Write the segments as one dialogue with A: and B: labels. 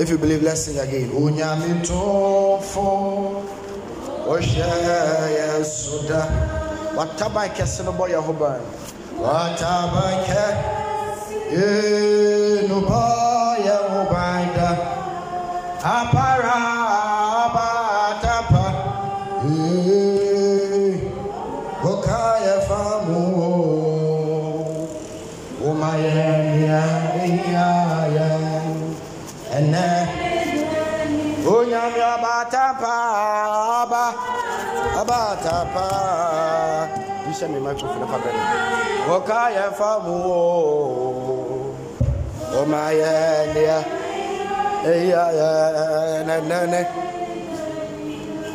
A: if you believe let's sing again Unyamitofo, tofo Suda. yɛ so da wataban kɛse no bɔ yɛ ho no da apara onyame paa fa mu o eya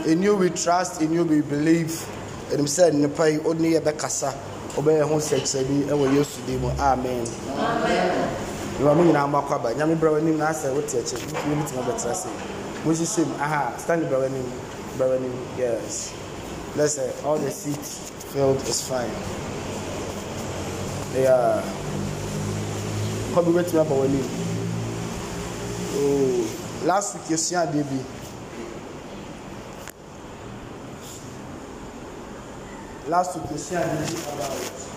A: in you we trust in you we believe ɛnim sɛ nnipa yi ɔne yɛ bɛkasa ɔbɛyɛ ho sɛkyerɛ bi ɛwɔ yesu din mu amen. amen. nwura mu nyinaa mmakɔ aba nyame brɛ w'anim na asɛ wote akyɛ wotumi bi tumi bɛtena se mohyehyɛ mu aha stand brɛ w'anim brɛ w'anim yes let's say all the seat filled is fine yeah kɔ bi bɛtumi aba w'anim oh last week yɛsua adeɛ bi last week yɛsua adeɛ bi about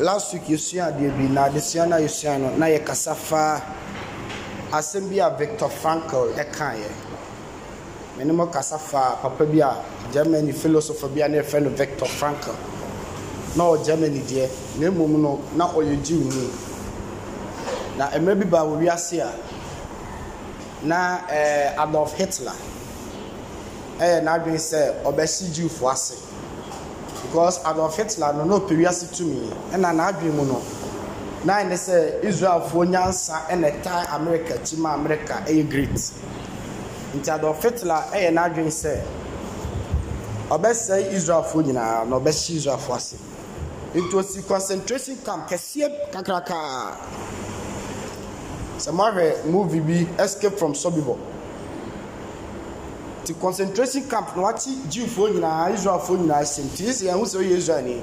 A: last week yɛsua adeɛ bi na adesua no yɛsua no na yɛkasa faa asɛm bi a victor frankl ɛkaeɛ mene mɔ kasa faa papa bi a germany philosopher bi a ne yɛfrɛ no victor frankl na ɔ germany deɛ na mmom no na ɔyɛ jew ni na mmerɛ bi baa wɔ a na eh, adolf hitler ɛyɛ eh, n'adwene sɛ ɔbɛsi jewfoɔ ase because adolfitla no na operiase tumi ɛna n'adwene mu no nan ne sɛ israelfoɔ nyansa ɛna tae america akyi ma america ɛyɛ great nti adolfitla ɛyɛ n'adwene sɛ ɔbɛsɛe israelfoɔ nyinaa na ɔbɛhyɛ israelfoɔ ase nti osi concentration camp kɛseɛ kakraka sɛ moahwɛ movie bi escape from sobibor nti concentration camp na wakyi jewfoɔ nyinaa israelfoɔ nyinaa hyɛ nti sisi ɛho sɛ ɔyɛ israel ni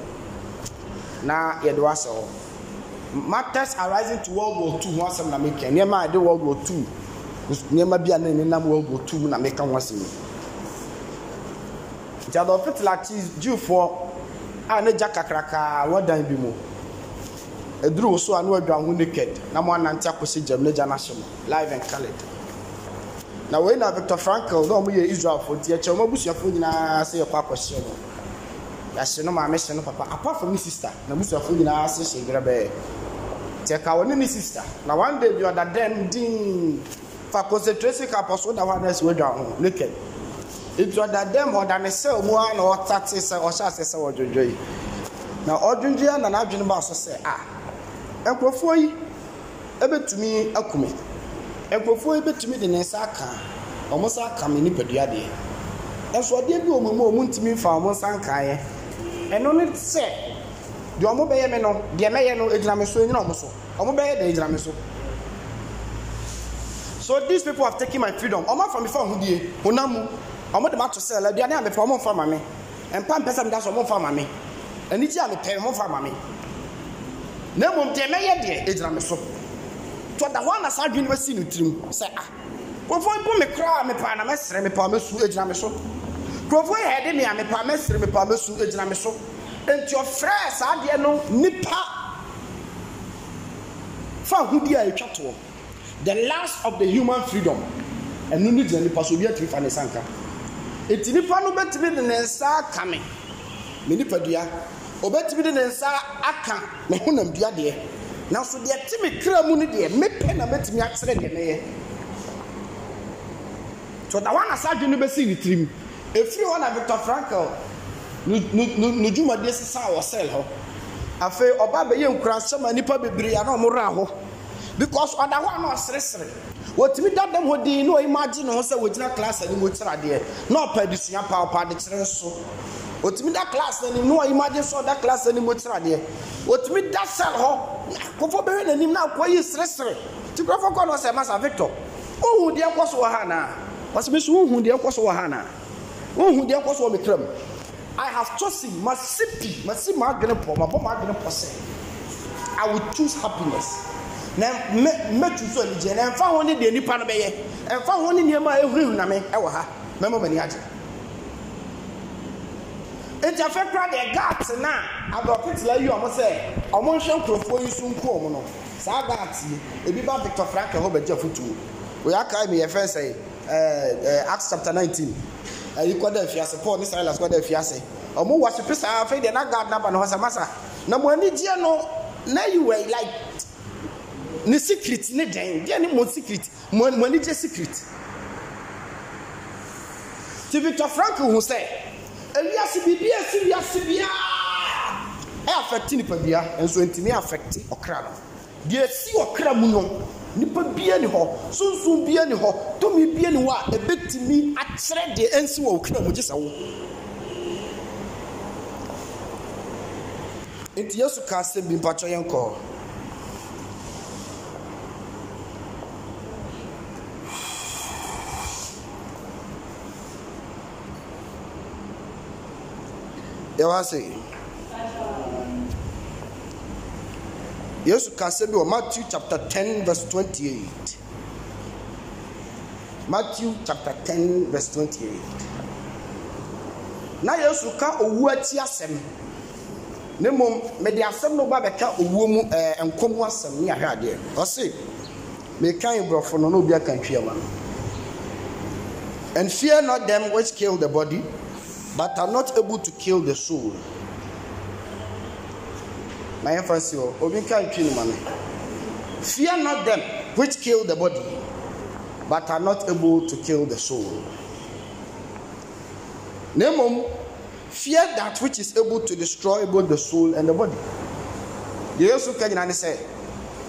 A: na yɛde wasa hɔ matters arising to world war two ho asɛm na meka nneɛma a yɛde world war two nneɛma bi a ne nenam world war two na meka ho asɛm nti adɔfetela akyi jewfoɔ a ne gya kakraka wɔdan bi mu eduru wosɔ a ne wadwa ho naked na mo anante akɔsi gyam ne gya n'ahyɛ mo live and colored. na wei na victor frankl na ɔmo israelfo nti ɛkyɛ ɔmo abusuafo nyinaa sɛ yɛkɔ akɔhyɛ no yɛahyɛ no maame hyɛ no papa apart from ne sister na abusuafo nyinaa hyɛ dwerɛ bɛɛ nti ɛka na one day bi ɔda fa concentration da hɔ a wadwa ho naked nti ɔda dɛm ɔda ne na ɔtate sɛ ɔhyɛ ase sɛ yi na ɔdwodwo yi na n'adwene ba so sɛ a ah. nkurɔfoɔ yi akumi nkurɔfoɔ yi bɛtumi de ne nsa aka wɔn nsa aka me nipadua deɛ nso adeɛ bi wɔ wɔn mu a wɔn ntumi fa wɔn nsa nkaeɛ ɛno ne sɛ deɛ wɔn bɛyɛ me no deɛ mɛyɛ no egyina me so egyina wɔn so wɔn bɛyɛ deɛ egyina me so so these people have taken my freedom wɔn afa mi fa wɔn die wɔn nam mu wɔn de ma to sɛl aduane a mepɛ wɔn mfa ma me mpa mpɛ sɛ mi da so wɔn mfa ma me anigye a mepɛ wɔn mfa ma me na mmom deɛ mɛyɛ deɛ egyina me so tɔ da hɔ na saa adwene bɛsi ne tirim sɛ a kurɔfoɔ bu me koraa mepa na mɛsere mepa mɛsu agyina me so kurɔfoɔ yɛ ɛde me a mepa mɛsere mepa mɛsu agyina me so nti ɔfrɛ saa adeɛ no nipa fa ahudi a e atwa toɔ the last of the human freedom ɛnu ni gyina nipa so obi atiri fa ne nsa nka eti nipa no bɛtumi de ne nsa aka me me nipadua obɛtumi de ne nsa aka me honam dua deɛ nanso deɛ te me kra mu no deɛ mepɛ na mɛtumi akyerɛ deɛ mɛyɛ so na wana saa adwene bɛsi ne tirim ɛfiri hɔ na victor frankl no dwumadeɛ sesaa wɔ sɛl hɔ afei ɔba bɛyɛ nkuransɛm a nnipa bebree a na ɔmora hɔ because ɔda hɔ a na ɔseresere wɔtumi da dam hɔ din na ɔimagye ne ho sɛ wɔgyina class anim ɔkyerɛ adeɛ na ɔpɛ adesua paapa adekyerɛ nso wɔtumi da class anim na ɔimagye sɛ ɔda class mo ɔkyerɛ adeɛ wɔtumi da cell hɔ kɔfɔ bɛhwɛ n'anim na akɔ yi seresere ti kurɔfo kɔ na ɔsɛ masa victor ohun deɛ kɔ so wɔ ha na wɔsi bi so ohun deɛ kɔ so wɔ ha na ohun deɛ kɔ so wɔ mi tiram i have chosen ma si pi ma si ma agene pɔ ma bɔ ma agene pɔ sɛ i will choose happiness na mmɛtu so anigyeɛ na ɛmfa ho ne deɛ nipa no bɛyɛ ɛmfa ho ne nneɛma a ɛhurihuna me ɛwɔ ha mɛma m'ani agye nti afɛ kora deɛ gat na abrɔpetela yi ɔmo sɛ ɔmo nhwɛ nkurɔfoɔ yi so nko ɔmo no saa gat yi ebi ba victor frank ɛhɔ bɛgye afutuo oyɛ aka mi yɛfɛ sɛ ɛɛ ɛɛ acts chapter nineteen ɛyi kɔ dɛ fiase paul ne silas kɔ dɛ fiase ɔmo wɔ sopi saa afei deɛ na gat naba ne hɔ sɛ masa na mo ani no na yi wɔ like ne secret ne dɛn deɛ ne mo secret mo mo ani gye secret ti victor frank hu sɛ ewiase biribi esi wiase biara ɛ afɛkti nipa bia nso ntumi afɛkti ɔkra no deɛ esi ɔkra mu no nipa bia ni hɔ sunsun bia ni hɔ tomi bia ni hɔ a ebetumi akyerɛ deɛ ɛnsi wɔ ɔkra mu gye sɛ wo. nti yesu ka asɛm bi mpakyɛ yɛn kɔɔ yɛwɔ ase yesu kasa bi wɔ matthew chapter ten verse twenty-eight matthew chapter ten verse twenty-eight na yesu ka owu akyi asɛm ne mmom mede asɛm no ba bɛka owuo mu ɛɛ eh, nkɔm asɛm ne ahwɛ adeɛ ɔse mekan borɔfo no na obi aka ntwi ama no and fear not them which kill the body but are not able to kill the soul my emphasis o obi ka ntwi ne fear not them which kill the body but are not able to kill the soul na mmom fear that which is able to destroy both the soul and the body deɛ yesu ka nyina ne sɛ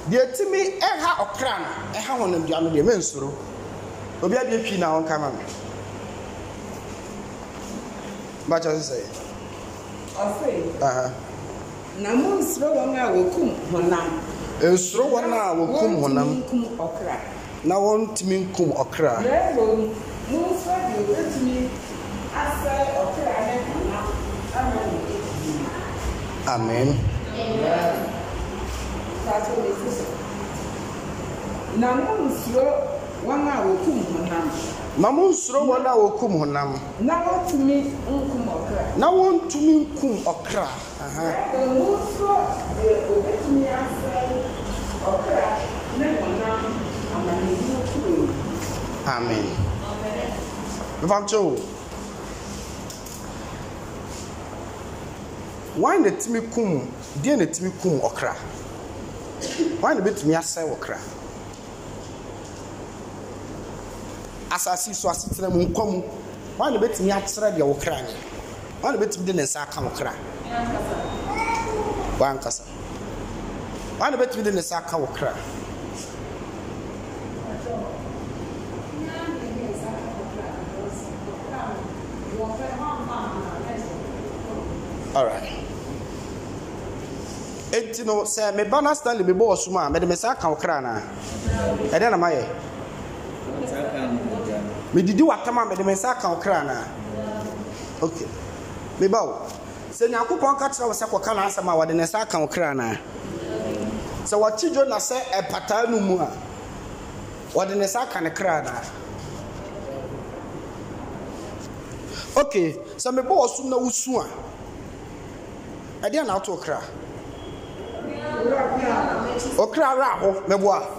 A: deɛ tumi ɛha ɔkra no ɛha honam dua no deɛ mensoro obi abɛtwi na ɔnka ma me Bacha sise. Ɔfe. Na mu nsoro wɔn a wokum honam. E, nsoro wɔn a wokum honam. Wɔntumi
B: nkum ɔkra.
A: Na wɔntumi nkum ɔkra. Bɛɛ
B: bɔ mu, mu nsoro deɛ obetumi asɛ ɔkra ne honam
A: ama ne eti. Amen. Bacha sise. Na mu nsoro wɔn a wokum honam. ma mo nsoro wɔn a wɔkum honam na wɔntumi nkum ɔkra na wɔntumi nkum ɔkra mo nsoro deɛ obetumi asɛe ɔkra ne honam amanemu kuro amen mfantwo wɔn na tumi kum deɛ na tumi kum ɔkra wɔn na betumi asɛe ɔkra. asase so asetena mu nkɔ mu wɔn na bɛtumi akyerɛ deɛ wɔkra nye wɔn na bɛtumi de ne nsa aka wɔkra wɔn ankasa wɔn na bɛtumi de ne nsa aka wɔkra. alright eti no sɛ meba na stanley mebɔ ɔsom a mede me sa ka wo kra naa ɛdeɛ na mayɛ medidi watam a mede me nsa ka wo kra anaa ok meba wo sɛ nyankopɔn ka kyerɛ wo sɛ kɔka naasɛm a wɔde ne nsa ka wo kra anaa sɛ wɔkye dwo na sɛ ɛpataa no mu a wɔde ne nsa ka ne kra anaa ok sɛ mebɔ wɔ som na wosu a ɛdeɛ na woto wo kra ɔkra werɛ aho meboa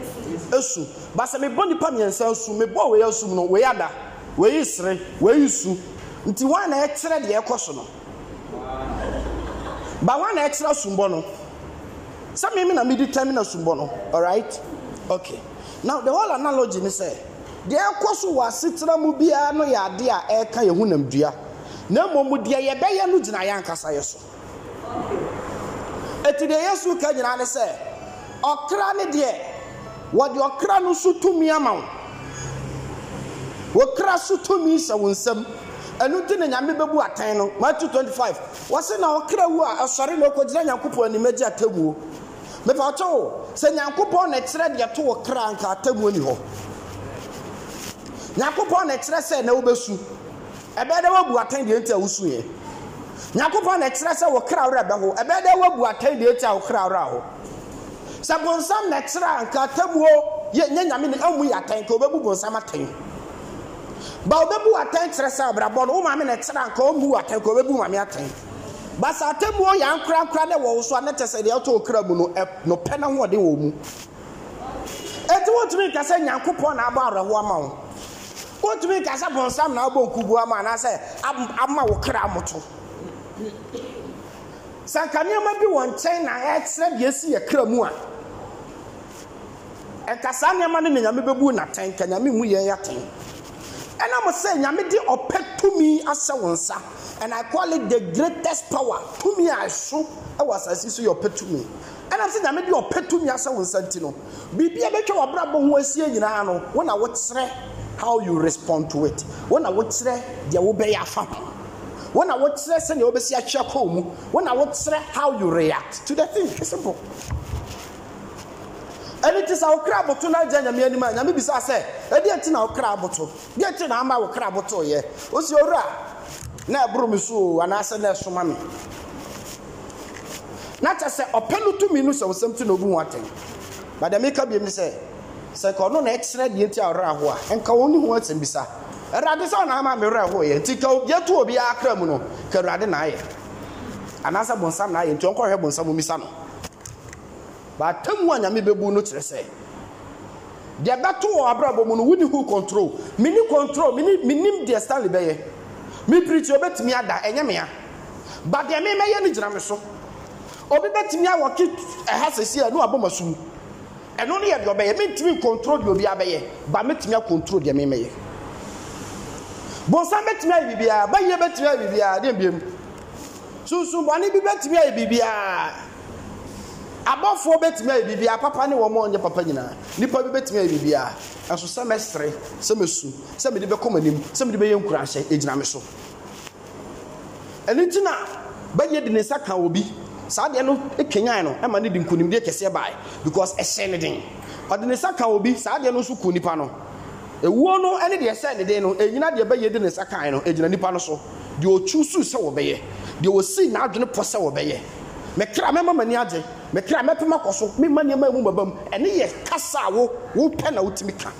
A: esu basa mebɔ nipa mmiɛnsa esu mebɔ wei esu no wei ada wei sere wei su nti wɔn na ɛkyerɛ deɛ ɛkɔ so no ba wɔn na ɛkyerɛ sumbɔ no sɛ mimi na mi di tɛm na sumbɔ no alright okay now the whole analogy ni sɛ deɛ ɛkɔ so wɔ asetena mu biara no yɛ adeɛ a ɛreka yɛn ho nam dua na mmom deɛ yɛbɛyɛ no gyina yɛn ankasa yɛ so eti deɛ yɛsu ka nyinaa ni sɛ ɔkra ne deɛ. wɔde ɔkra no so tumi ama wo wɔkra so tumi sɛ wo nsam ɛnu ti na nyame bɛbu atan no matthew twenty five wɔsi na ɔkra wu a ɛsɔre na ɔkɔgyina nyankopɔn anim agye atamuo mepa ɔtɔ wo sɛ nyankopɔn na ɛkyerɛ deɛ to wɔ kra nka atamuo ni hɔ nyankopɔn na ɛkyerɛ sɛ na wobɛsu ɛbɛyɛ dɛ wabu atan deɛ nti a wusu nyankopɔn na ɛkyerɛ sɛ wɔ kra bɛ ho ɛbɛyɛ dɛ wabu atan deɛ nti a wɔ kra awura ho. sɛ bonsam na ɛkyerɛ a nka atabuo nye nyame no amu yɛ atɛn ka wobɛbu bonsam atɛn ba wobɛbu atɛn kyerɛ sɛ abrabɔ no wo maame na ɛkyerɛ a nka ɔmmu atɛn ka wobɛbu maame atɛn ba sɛ atabuo yɛ ankorankora ne wɔ so a ne tɛ sɛ deɛ wotɔ okra mu no nopɛ no hoɔden wɔ mu ɛti wotumi nka sɛ nyankopɔn na abɔ awerɛho ama wo wotumi nka sɛ bonsam na wobɔ nkubu ama anaasɛ ama wo kra moto sɛ nka nneɛma bi wɔ nkyɛn na ɛkyerɛ deɛ si yɛ kra mu a ɛnka saa nneɛma no ne nyame bɛbu n'atɛn ka nyame mu yɛn yɛatɛn ɛnam sɛ nyame de ɔpɛ tumi ahyɛ wo nsa and i call it the greatest power tumi a ɛso ɛwɔ asase so yɛ ɔpɛ tumi ɛnam sɛ nyame de ɔpɛ tumi ahyɛ wo nsa nti no biribi a bɛtwa w'abrabɔ ho asie nyinaa no wo na wokyerɛ how you respond to it wo na wokyerɛ deɛ wobɛyɛ afa ho wo na wokyerɛ sɛnea wobɛsi atwea kɔɔ mu wo na wokyerɛ how you react to the thing simple ɛne ti sɛ wokra aboto no agya nyame anim a nyame bisa sɛ ɛdeɛ nti na wokra aboto deɛ nti na ama wokra abotoyɛ ɔsi owura na ɛboro me so anaasɛ na ɛsoma me na kyɛ sɛ ɔpɛ no tumi no sɛ wosɛm ti na ɔbu ho atɛn bade meka biam sɛ sɛ ka ɔno na ɛkyerɛ deɛ nti a ɔwerɛ ho a ɛnka wɔ ne ho asɛm bisa awurade sɛ ɔna ama mewerɛ ho yɛ nti ka yɛto obiara kra mu no ka awurade na ayɛ anaasɛ bonsam na ayɛ nti ɔnkɔhwɛ bonsam omisa no baatamu a nyame bɛbu no kyerɛ sɛ deɛ bɛto wɔ abrabɔ mu no woni who control mini control mini minim deɛ stanley bɛyɛ me pirikyi obɛtumi ada ɛnyɛ mea ba deɛ me mɛyɛ no gyina me so obi bɛtumi awɔke ɛha sɛsi a ne wabɔ ma sum ɛno no yɛ deɛ ɔbɛyɛ mentumi control deɛ obi abɛyɛ ba metumi akontrol deɛ me mɛyɛ bɔnsam bɛtumi ayɛ biribiara bɛyɛ bɛtumi ayɛ biribiara deɛ mbiem sunsun bɔnne bi bɛtumi ayɛ biribiara abɔfoɔ bɛtumi ayɛ biribiara papa ne wɔn ɔnyɛ papa nyinaa nipa bi bɛtumi ayɛ biribiara nso sɛ mɛsere sɛ mɛsu sɛ mɛde bɛkɔ mɛ anim sɛ mɛde bɛyɛ nkurahyɛ egyina mi so ɛni ti bɛyɛ de ne nsa ka obi saa deɛ no no ɛma ne de kɛseɛ because ɛhyɛ ne den ɔde ne obi saa deɛ no ku nipa no ewuo no ɛne deɛ ɛhyɛ enyina deɛ bɛyɛ de kan no egyina nipa no so deɛ su sɛ wɔbɛyɛ deɛ osi n'adwene pɔ mekra mɛma m'ani agye mekra mɛpem akɔ so mema nneɛma emu maba mu ɛne yɛ kasa a wo wopɛ na wotumi ka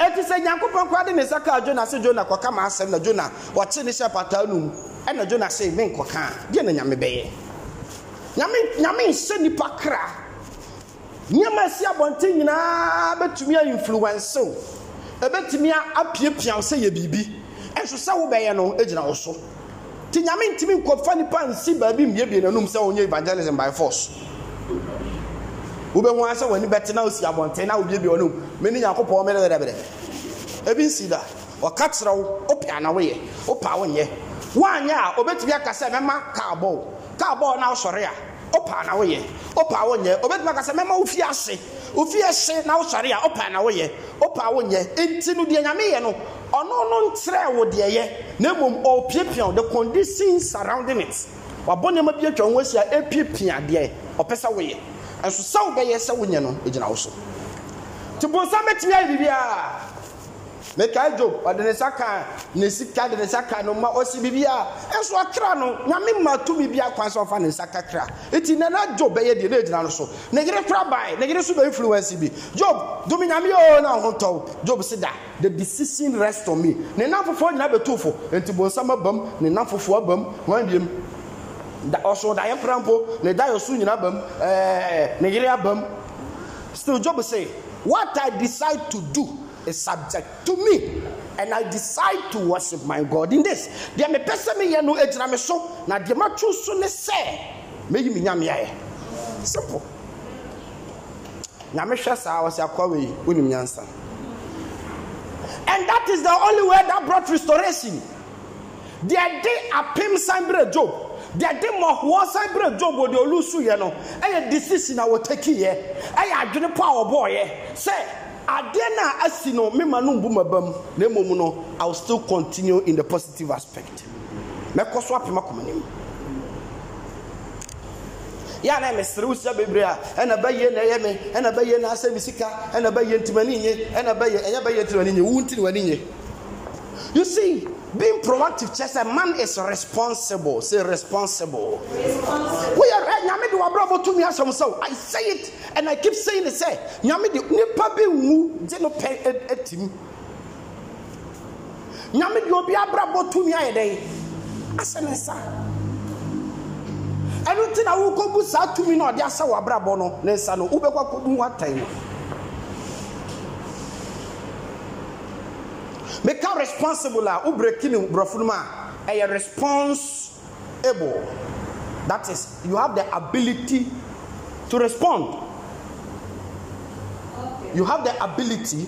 A: ɛti sɛ nyankopɔn koraa de ne nsa kaa na se jona kɔka ma asɛm na jona wɔkye ne hyɛ pataa no mu ɛna jona se menkɔkaa deɛ na nyame bɛyɛ nyame nyame nhyɛ nipa kra nneɛma asi abɔnten nyinaa bɛtumi a influence o ɛbɛtumi apiapia wo sɛ yɛ biribi ɛnso sɛ wobɛyɛ no gyina wo so nti nyame ntumi nkɔfa nipa nsi baabi mmiebie n'anum sɛ wɔnyɛ evangelism by force wobɛhu asɛ w'ani bɛte na osi abɔnten na obiebie wɔnum mene nyankopɔn mene dɛdɛbɛdɛ ebi nsi da ɔka kyerɛ wo ope ana woyɛ opa wo nyɛ woanyɛ a obetumi aka sɛ mɛma kaabɔ wo kaabɔ na asɔre a opa ana woyɛ opa wo nyɛ obetumi aka sɛ mɛma wo fie ase ofi na wosɔre a ɔpa na woyɛ ɔpa wonyɛ nti no deɛ nyame yɛ no ɔno no ntrɛ wo deɛ yɛ na mmom ɔrepiapia the condition surrounding it wabɔ nneɛma bi atwa ho ahyia ɛpiapia deɛ ɔpɛ sɛ woyɛ nso sɛ wobɛyɛ sɛ wonyɛ no ɛgyina wo so ayɛ mekae job ɔde ne nsa kaa ne sika de ne nsa kaa no ma ɔsi biribi a ɛso akra no nyame ma tumi bi akwan sɛ ɔfa ne nsa kakra eti nana job bɛyɛ deɛ ne gyina no so ne yere kora ban ne yere so bɛ influence bi job dumi nyame yɛ na ɔho tɔw job si da the decision rest on me ne nan foforɔ nyinaa bɛtu fo nti bonsam abam ne nan foforɔ abam wɔn abiem ɔso dayɛ prampo ne dayɛ so nyinaa abam ɛɛ ne yere abam still job say what i decide to do is subject to me and I decide to worship my God in this. Deɛ mepɛ sɛ meyɛ no gyina me so na ma matwo so ne sɛ meyi me nyame ayɛ. Simple. Nyame hwɛ saa wɔsɛ akɔ wei wonim nyansa. And that is the only way that brought restoration. Deɛ de apem san bre Job deɛ de mo mmɔhoɔ san bre Job wɔ de olu su ye no ɛyɛ decision a take ye. ɛyɛ adwene po a wɔbɔɔ yɛ say adeɛ na asi no mema no mbu ma bam na mmom no i will still continue in the positive aspect mɛkɔ so apem akoma nim yà náà mẹsìrì wusua bebree a ẹna bẹyẹ na ẹyẹ mi ẹna bẹyẹ na asẹ mi sika ẹna bẹyẹ ntumani nye ẹna bẹyẹ ẹnyẹ bẹyẹ ntumani nye wúntìní wani nye you see. Being proactive, just a man is responsible. Say responsible.
B: responsible. We are eh, nyame
A: de wabrabɔ tumi asɛm sɛ I say it and I keep saying it sɛ nyame de nipa bi nwu gye no pɛ atim. E, e, nyame de obi abrabɔ tumi ayɛ dɛ asɛ ne nsa. Ɛnu ti na wokɔ bu saa tumi na ɔde asɛ wabrabɔ no ne nsa no wobɛkɔ kɔ mu watan no. meka responsible a ah, wo breki ne borɔfo no mu a ɛyɛ eh, responsible that is you have the ability to respond you have the ability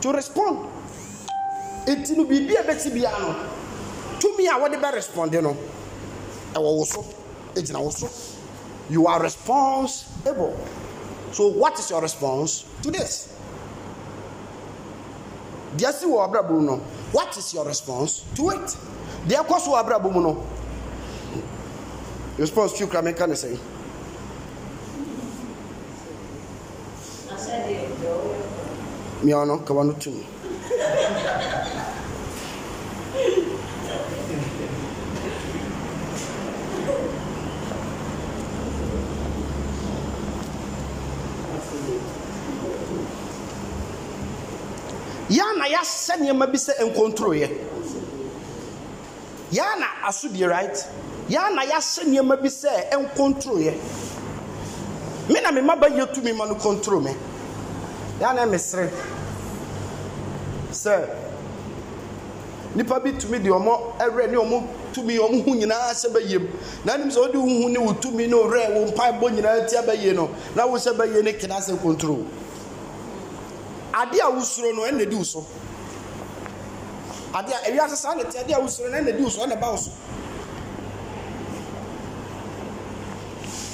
A: to respond nti no biribi a bɛsi biara no tumi a wɔde bɛ responde no ɛwɔ wo so egyina wo so you are responsible so what is your response to this deɛ si wɔ abrabɔ mu no what is your response to it deɛ kɔ so wɔ abrabɔ mu no response to kura mi ka ne sɛ. miano kaba no tum yana nneɛma bi sɛ ya yɛa na asodie right yɛa na yɛahyɛ nneɛma bi sɛ nkontroloyɛ me na ma maba yɛ tumi ma no control me na emesiri sɛ nipa bi tumi deɛ ɔmo ɛwɛ ne ɔmo tumi ɔmo nyinaa sɛ mu na anim sɛ wo tumi wo nyinaa ti no na wo sɛ bɛyɛ ne kena sɛ adeɛ a wosoro no ɛna edi wo so adeɛ a ewia sisan ne te adeɛ a wosoro no ɛna edi wo so ɛna ba wo so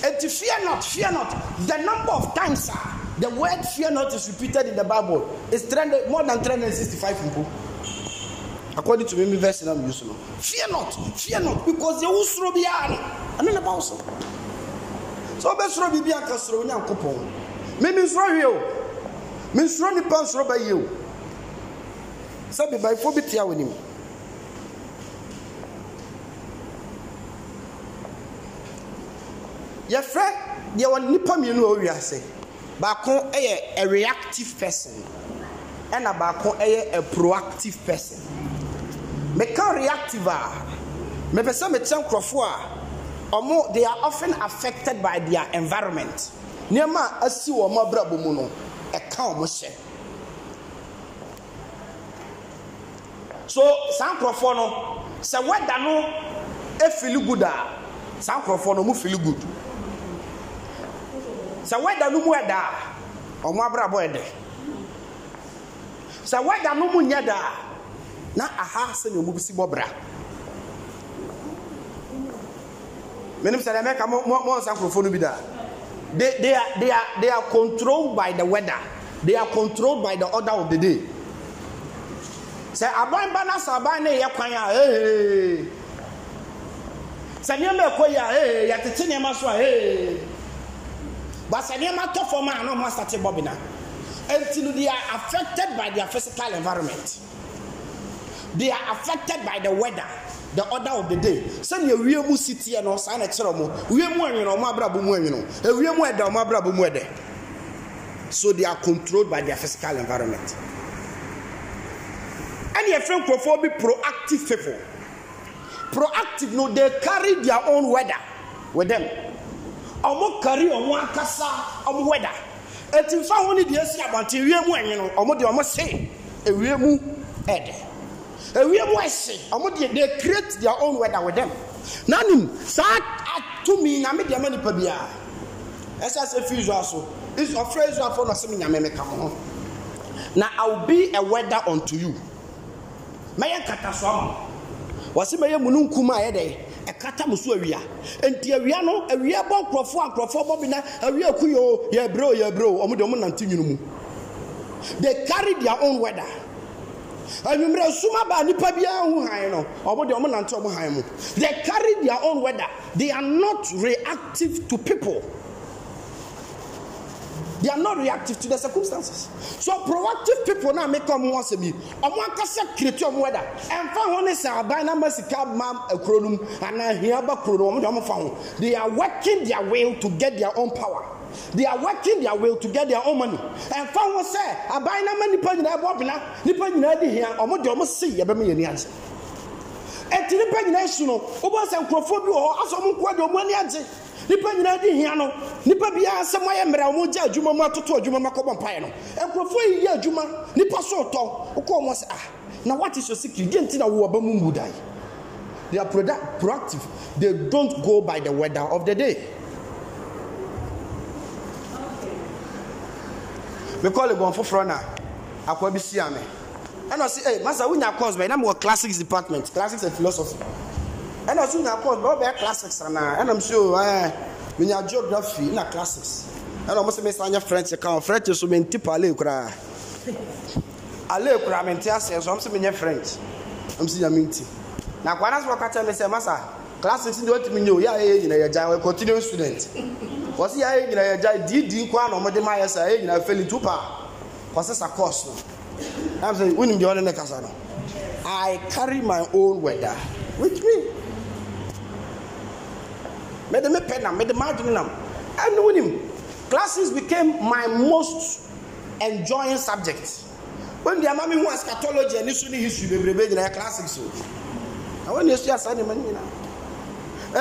A: eti fear not fear not the number of times ah the word fear not is repeated in the bible is three more than three hundred and sixty-five mpo according to mimi verse na mi use no fear not fear not because ewu soro bi yaa no ɛna ne ba wo so sɛ ɔbɛ soro bi bi aka soro onyankopɔn mimi nsoro hwee o mensuro nipa nsoro bɛyie o sɛ bibaefoɔ bi tia w'anim yɛfrɛ deɛ wɔ nipa mmienu a ɔwi ase baako yɛ a reactive person ɛna baako yɛ a proactive person meka reactive a mepɛ sɛ mekyɛ nkurɔfoɔ a ɔmo they are often affected by their environment nneɛma a asi wɔn abrabɔ mu no ɛka wɔn hyɛ so saa nkurɔfoɔ no sɛ wɛda no efili good a saa nkurɔfoɔ no ɔmo fili good sɛ wɛda no mu ɛda a ɔmo abrabɔ ɛdɛ sɛ wɛda no mu nyɛ da a na aha sɛnea ɔmo si bɔ bra menim sɛ deɛ mɛka mo mo mo nsa nkurɔfoɔ no bi da They, they, are, they, are, they are controlled by the weather, they are controlled by the order of the day. Sɛ aban ba na sɛ aban ne yɛ kwan a ee sɛ nneɛma ɛkɔ yi a ee yɛtete nneɛma so a ee ba sɛ nneɛma tɔ fam a na ɔmo asate bɔ bena until they are affected by their physical environment they are affected by the weather the order of the day sɛnea wie mu si teɛ no saa na kyerɛ mo wie mu ɛnwene ɔmo abrabɔ mu ɛnwene ewie mu ɛda ɔmo abrabɔ mu ɛdɛ so they are controlled by their physical environment ɛna yɛfrɛ nkurɔfoɔ bi proactive people proactive no they carry their own weather with them ɔmo carry ɔmo akasa ɔmo weather etu nfa wɔn ni deɛ esi abɔnten wie mu ɛnwene ɔmo deɛ ɔmo se ewie mu ɛdɛ. ewiem ɛsi ɔmo deɛ they create their own weather with them nanim saa atumi nyame deɛ ma nipa bia ɛsɛ sɛ fi israel so ɔfrɛ israel fo na ɔsɛ mi nyame meka ho na i will be a weather unto you mɛyɛ nkatasoa ma wɔsi mɛyɛ mu ne nkum a yɛ dɛ ɛkata mu so awia nti awia no awia bɔ nkurɔfoɔ a nkurɔfoɔ bɔ bi na awia ku yɛ o yɛ ebire o yɛ ebire nante nwini mu they carry their own weather. anwummerɛ suma baa nipa biara ho han no ɔmo deɛ ɔmo nante ɔmo han mu they carry their own weather they are not reactive to people they are not reactive to the circumstances so proactive people na make ɔmo wɔn asɛm yi ɔmo akasa kireti ɔmo weather ɛnfa ho ne sɛ aban na ma sika ma ekuro no mu anaa hia ba kuro no ɔmo deɛ ɔmo fa ho they are working their way to get their own power they are working their will to get their own money ɛnfa ho sɛ aban na ma nipa nyinaa ɛbɔ bena nipa nyinaa di hia ɔmo deɛ ɔmo si yɛ bɛ mi yɛ ni ase ɛti e nipa nyinaa esu no ɔbɔ sɛ nkurɔfoɔ bi wɔ hɔ asɔ ɔmo nkoa deɛ ɔmo ani agye nipa nyinaa di hia no nipa bi asɛ mo ayɛ mmerɛ a ɔmo gye adwuma mu atoto adwuma mu akɔbɔ mpaeɛ no nkurɔfoɔ yi yɛ adwuma nipa so tɔ ɔkɔ ɔmo sɛ ah na wate so sikiri di nti na wɔwɔ bɛ mu mu dan they are proactive. they don't go by the weather of the day. mekɔle bɔn foforɔ na akwa bi si ame ɛna ɔsi ɛy masa wonya course bɛyɛ na mewɔ classics department classics and philosophy ɛna ɔsi wonya course bɛyɛ ɔbɛyɛ classics ana ɛna m si o oh, ɛɛ menya geography na classics ɛna ɔmo sɛ mi san yɛ french kan french so mi nti paale koraa ale koraa mi nti asɛ so ɔmo sɛ mi nyɛ french ɔmo si nya mi nti na akwa na so ɔka kyerɛ sɛ masa class sixteen deɛ ɔtumi nye o yɛ a yɛyɛ nyina yɛ gya wɔ continue student wɔsi yɛ a yɛ nyina yɛ gya diidi kwan na ɔmɔde ma yɛ sɛ yɛ nyina fɛli tu paa wɔsi sa course no ɛm sɛ wunim deɛ ɔne ne kasa no i carry my own weather with me mɛde me pɛ nam mɛde ma adwene nam ɛnu wunim classes became my most enjoying subject wọn di ama mi hu eschatology ɛni so ni history bebrebe nyina yɛ classics o na wọn ni esu yɛ saa nneɛma nyinaa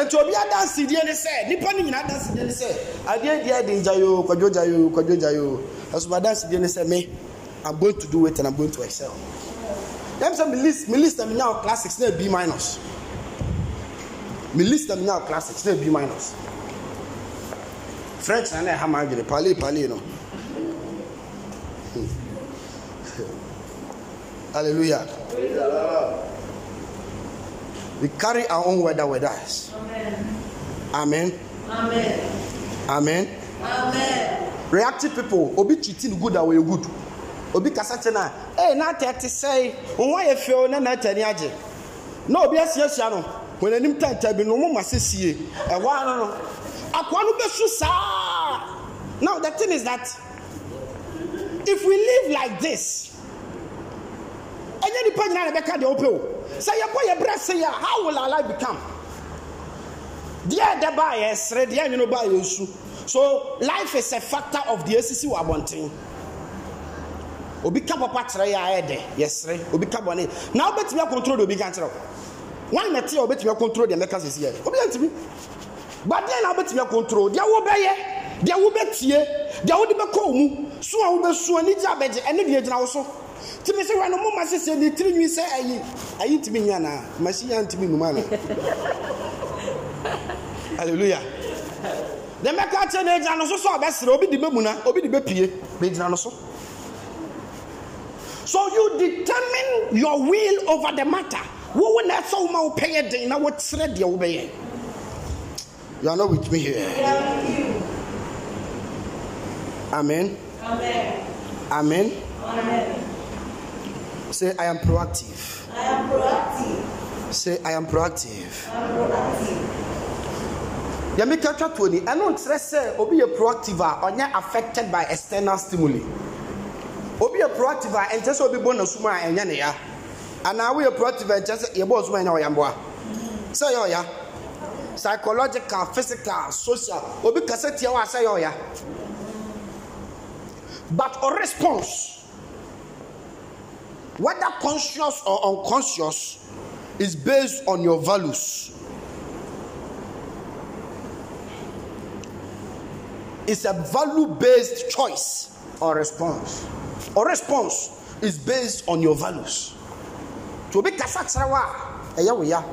A: nti obi adansi die ne sɛ nipa ne nyinaa adansi die ne sɛ adeɛ die adi gya yoo kwadwo gya yoo kwadwo gya yoo ɛso adansi die ne sɛ me i'm going to do it and i'm going to excel yɛm sɛ mi list mi list na mi nya o classics na b minus mi list na mi nya o classics na b minus french na na ɛha maa gbere pali pali no hallelujah. We carry our own weather with us. Amen. Amen. Amen.
C: Amen.
A: Reactive people, obi treating good away good. Obi kasatena. na, eh na tete say, unwa ye fio na na tani age. Na obi asiesia no, when anim tata bi no mo masesie. Eh, wa no no. Akwa nube besu Now the thing is that if we live like this, ɛnyɛ nipa nyinaa na ɛbɛka deɛ wopɛ o sɛ yɛbɔ yɛ brɛ se yɛ a how will our life become deɛ ɛda baa yɛ sere deɛ ɛnwene baa yɛ nsu so life is a factor of deɛ esisi wɔ abɔnten obi ka papa kyerɛ yɛ a ɛyɛ dɛ yɛ sere obi ka bɔne na wobɛtumi akɔntro deɛ obi ka kyerɛ o wɔn na te a wobɛtumi akɔntro deɛ mɛka sisi yɛ obi yɛ ntumi badeɛ na wobɛtumi akɔntro deɛ wobɛyɛ deɛ wobɛtie deɛ wode bɛkɔ mu so a wobɛsu anigye abɛgye ɛne deɛ gyina wo so. hallelujah so obi obi so you determine your will over the matter you are not with me here amen amen amen.
B: amen.
A: Say, I am proactive.
C: I am proactive.
A: Say, I am proactive. I
C: am proactive.
A: Yẹmi kẹtwa to ni ẹnu nkyerɛ sɛ obi yɛ proactive a ɔnyɛ affected by external stimuli obi yɛ proactive a ɛnkyɛ sɛ obi bɔ n'asum a ɛnyɛ ne ya anaa woyɛ proactive a ɛnkyɛ sɛ yɛ bɔ ɔsum a ɛnyɛ ɔya mboa sɛ yɛ ɔya psychological physical social obi kasa tia wa sɛ yɛ ɔya but a response whether conscious or unconscious, is based on your values. It's a value based choice or response. Or response is based on your values. To be kasatrawa, eya weya.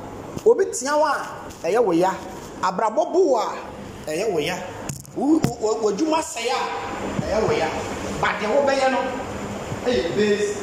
A: Obi tiawa, eya weya. Abrabobuwa, eya weya. Wajuma saya, eya weya. But the whole no, based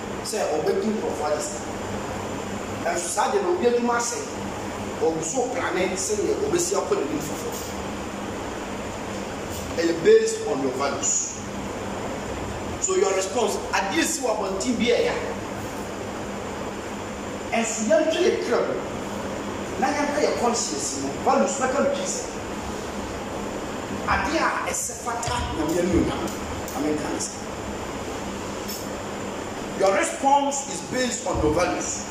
A: sɛ ɔbɛdi nkurɔfoɔ adi sɛ ɛnso saa deɛ na obi adwuma asɛ ɔgu so plane sɛdeɛ ɔbɛsi akɔ n'anim foforɔ ɛyɛ based on your values so your response adeɛ si wɔ abɔnten bi ɛya ɛnso yɛntwe yɛ kira mu na yɛnka yɛ conscious mu values bɛka no gyi sɛ adeɛ a ɛsɛ fata na yɛn nyinaa amenka ne sɛ. Your response is based on your values.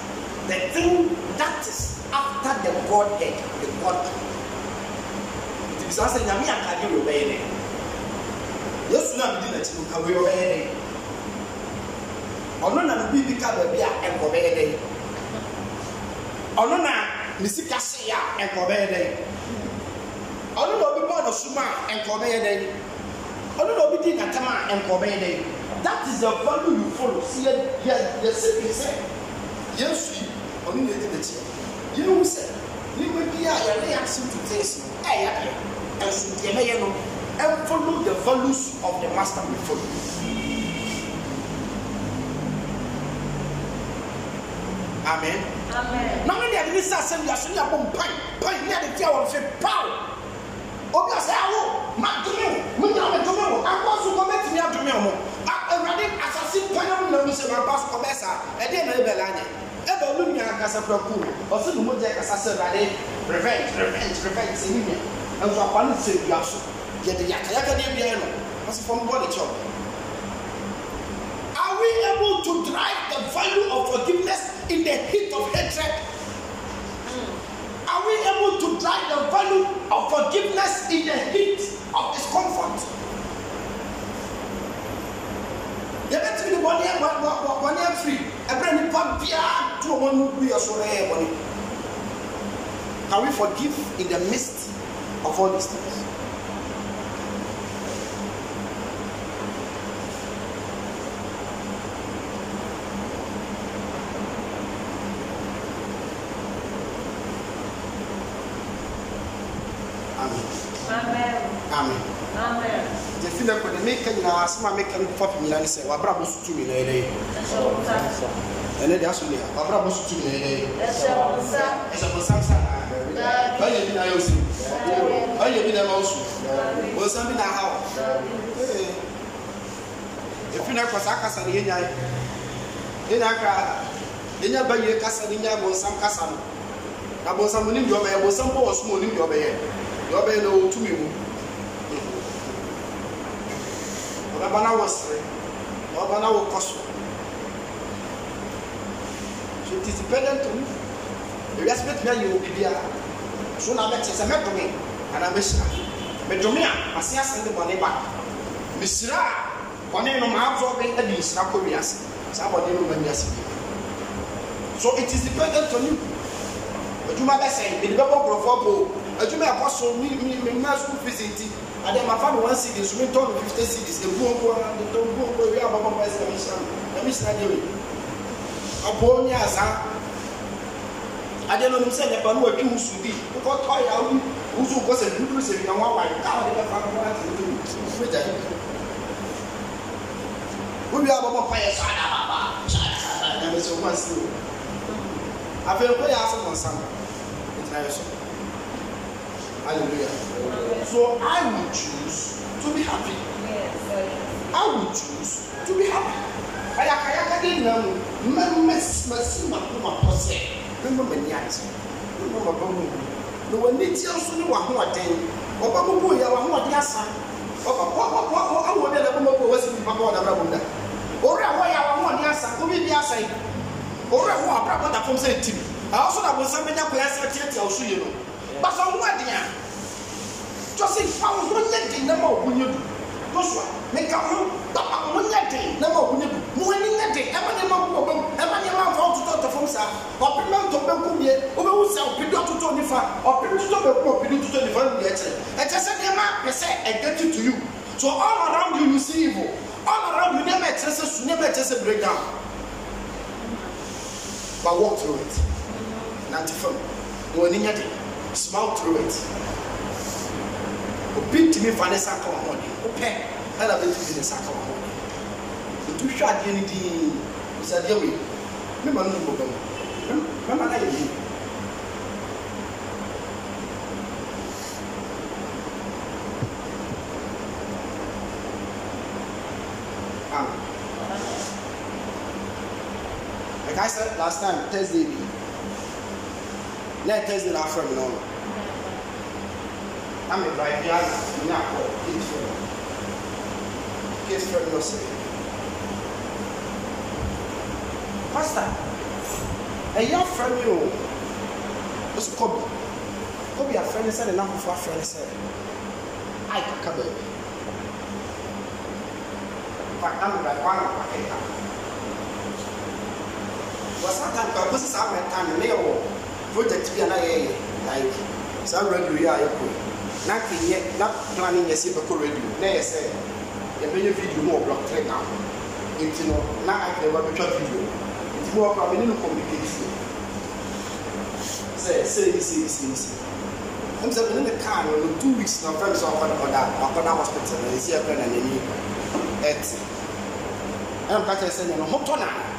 A: The thing that is after the head, the God. Nti bisa sɛ nyame akade wɔ bɛyɛ dɛ. Yesu na midi n'akyi no kawe wɔ bɛyɛ dɛ. Ɔno na ne bi bi ka baabi a ɛkɔ bɛyɛ dɛ. Ɔno na ne sika se a ɛkɔ bɛyɛ dɛ. Ɔno na obi bɔɔ ne suma a ɛkɔ bɛyɛ dɛ. Ɔno na obi di n'atam a ɛkɔ bɛyɛ dɛ that is the value you follow si yɛ yɛ yɛ si bi sɛ yɛn su yi ɔno yɛ di n'akyi yɛn wu sɛ nipa bi a yɛ reaction to things ɛ yɛ yɛ ɛso deɛ bɛyɛ no ɛ follow the values of the master we follow. amen. amen. na wọn de adi ni sá sẹ wíyá so ní abọ mpan pan ní adi tí a wọn fi paw obi ọsẹ awo ma dumi o mi nyà mi dumi o akọ so kọ mẹtìmí adumi ọmọ ase kwan mu na mu sɛ maba ɔbɛ saa ɛdeɛ na ɛbɛ lanyɛ ɛbɛ ɔmo nua akasa kura kum ɔsi ne mu gya kasa sɛ ɛwurade revenge revenge revenge sɛ ne nua nso akwa no sɛ dua so yɛde yakayaka deɛ biara no ɔsi fam bɔ ne kyɛw are we able to drive the value of forgiveness in the heat of hatred? Are we able to drive the value of forgiveness in the heat of discomfort? yɛbɛtumi de bɔne bɔne afiri ɛberɛ nnipa biara to ɔma no gu yɛ so ɛyɛ bɔne can we forgive in the midst of all these things nyinaa asɛm a meka no fa fi nyinaa ne sɛ wabrabɔ so tumi na ɛdɛ ɛnɛ deɛ aso nea wabrabɔ so tumi na ɛdɛ ɛhyɛ bonsam sa ɔyɛ bi na ayɛ osi ɔyɛ bi na ɛma osu bonsam bi na aha wo efi na ɛkɔ saa kasa ne yɛnya yɛnya kra yɛnya ba yie kasa ne yɛnya bonsam kasa no na bonsam onim deɛ ɔbɛyɛ bonsam bɔ wɔ so ma onim deɛ ɔbɛyɛ deɛ ɔbɛyɛ na tu tumi mu. ɔba wɔ sere ɔba na wɔ kɔ so so it is dependent on ewiase bɛ tuma yɛ obi biara so na bɛtɛ sɛ mɛdome anaa mɛhyira mɛdome a ase ase de bɔne ba mesira a bɔne no maa fɔ bi ɛde nsira kɔ wiase saa bɔne no ma wiase bi so it is dependent on you adwuma bɛsɛn mede bɛbɔ nkurɔfoɔ po adwuma ɛkɔ so mema school fees nti ade mafa no one cedis so mentɔ no fifty cedis ebuonkoabuonko wi abɔbɔbɔ ɛsɛ mehyira na mehyira deɛ wei aboɔ ne asa ade no nim sɛ nnipa no watwi wo su bi wokɔtɔ yɛ wo wo so wokɔ sɛ duduru sɛ wina woawae a wode bɛfa no woate no wogya wowie abɔbɔ pa yɛ so adababa sɛ wo ma se
C: o
A: afei nkɔ yɛ asɛ mɔ nsam nice. Hallelujah. So I will choose to be happy. I will choose to be happy. Ɛyà kàyàkà dé nà mu mẹ́mẹ́sì mẹ́sì mà kó mà pọ̀ sẹ́ mímú mà ní àti mímú mà bá mu na wọ́n ní tiẹ̀ nso ní wàhó ọ̀dẹ́n ọba gbogbo yẹ wàhó ọ̀dẹ́n asa ọba kọ́ kọ́ kọ́ kọ́ awọ ọdẹ lẹ́kọ́ mọ́kọ́ wọ́n sì fi pàpà ọ̀dà bọ̀ ọ̀dà òwúrọ̀ àwọn yẹ wàhó ọ̀dẹ́n asa omi bí asa yìí òwúrọ̀ àwọn àbúrò àbọ̀dà fún sẹ́yìn tìmí awo so na bonsam bɛnya kɔɛ sɛ tiatia wo so yie no basa wo ho aden a twɔse fa wo ho nyɛ den na ma wo ho nyɛ du josua meka ho papa wo ho nyɛ den na ma wo ho nyɛ du mo ani nyɛ den ɛma nneɛma wo wɔ bam ɛma nneɛma mfa wo totɔ tɔfam saa ɔpem ntɔ bɛnko bie wobɛwu sɛ ɔpede ɔtotɔ nifa ɔpem totɔ bɛnko ɔpede totɔ nifa no deɛ kyerɛ ɛkyɛ sɛ nneɛma pɛ sɛ ɛgɛte to you so all around you you see evil all around you nneɛma ɛkyerɛ sɛ su nneɛma ɛkyerɛ sɛ break down but walk through it nante fam na wɔn ani nyɛ de smile through it obi ntumi fa ne sa ka wɔn ho de wopɛ ɛna bɛtumi ne sa ka wɔn ho de etu hwɛ adeɛ no dii ɔsɛ adeɛ wei mɛma no bɔ bɛn mɛma no ayɛ yie. Like ah. I said last time, Thursday, na thursday na afra mi na ɔno na mi ba ebi ana mi na akɔ kii fɛ kii fɛ mi ɔsɛ pastor ɛyɛ afra mi o ɔsɛ kɔbi kɔbi afra mi sɛ de n'ahofo afra mi sɛ ayi kaka baabi na mi ba ɛkɔ ana kɔ akeka wɔ satan kɔ akɔsi saa mɛ tan ne yɛ wɔ project bi a na yɛyɛ like saa radio yi a yɛkɔ na kenyɛ na plan yɛ sɛ bɛkɔ radio na yɛ sɛ yɛbɛyɛ video mu wɔ block three na ho nti no na akɛwa bɛtwa video nti mu wɔ kɔ a mɛ ne no communicate sɛ sɛ yi sɛ yi sɛ yi sɛ ɛmu sɛ mene ne kaa no no two weeks na fɛn sɛ ɔkɔda ɔda ɔkɔda hospital na ɛsi ɛkɔ na n'ani ɛte ɛna mo ka kyerɛ sɛ nyɛ no ho tɔ na ano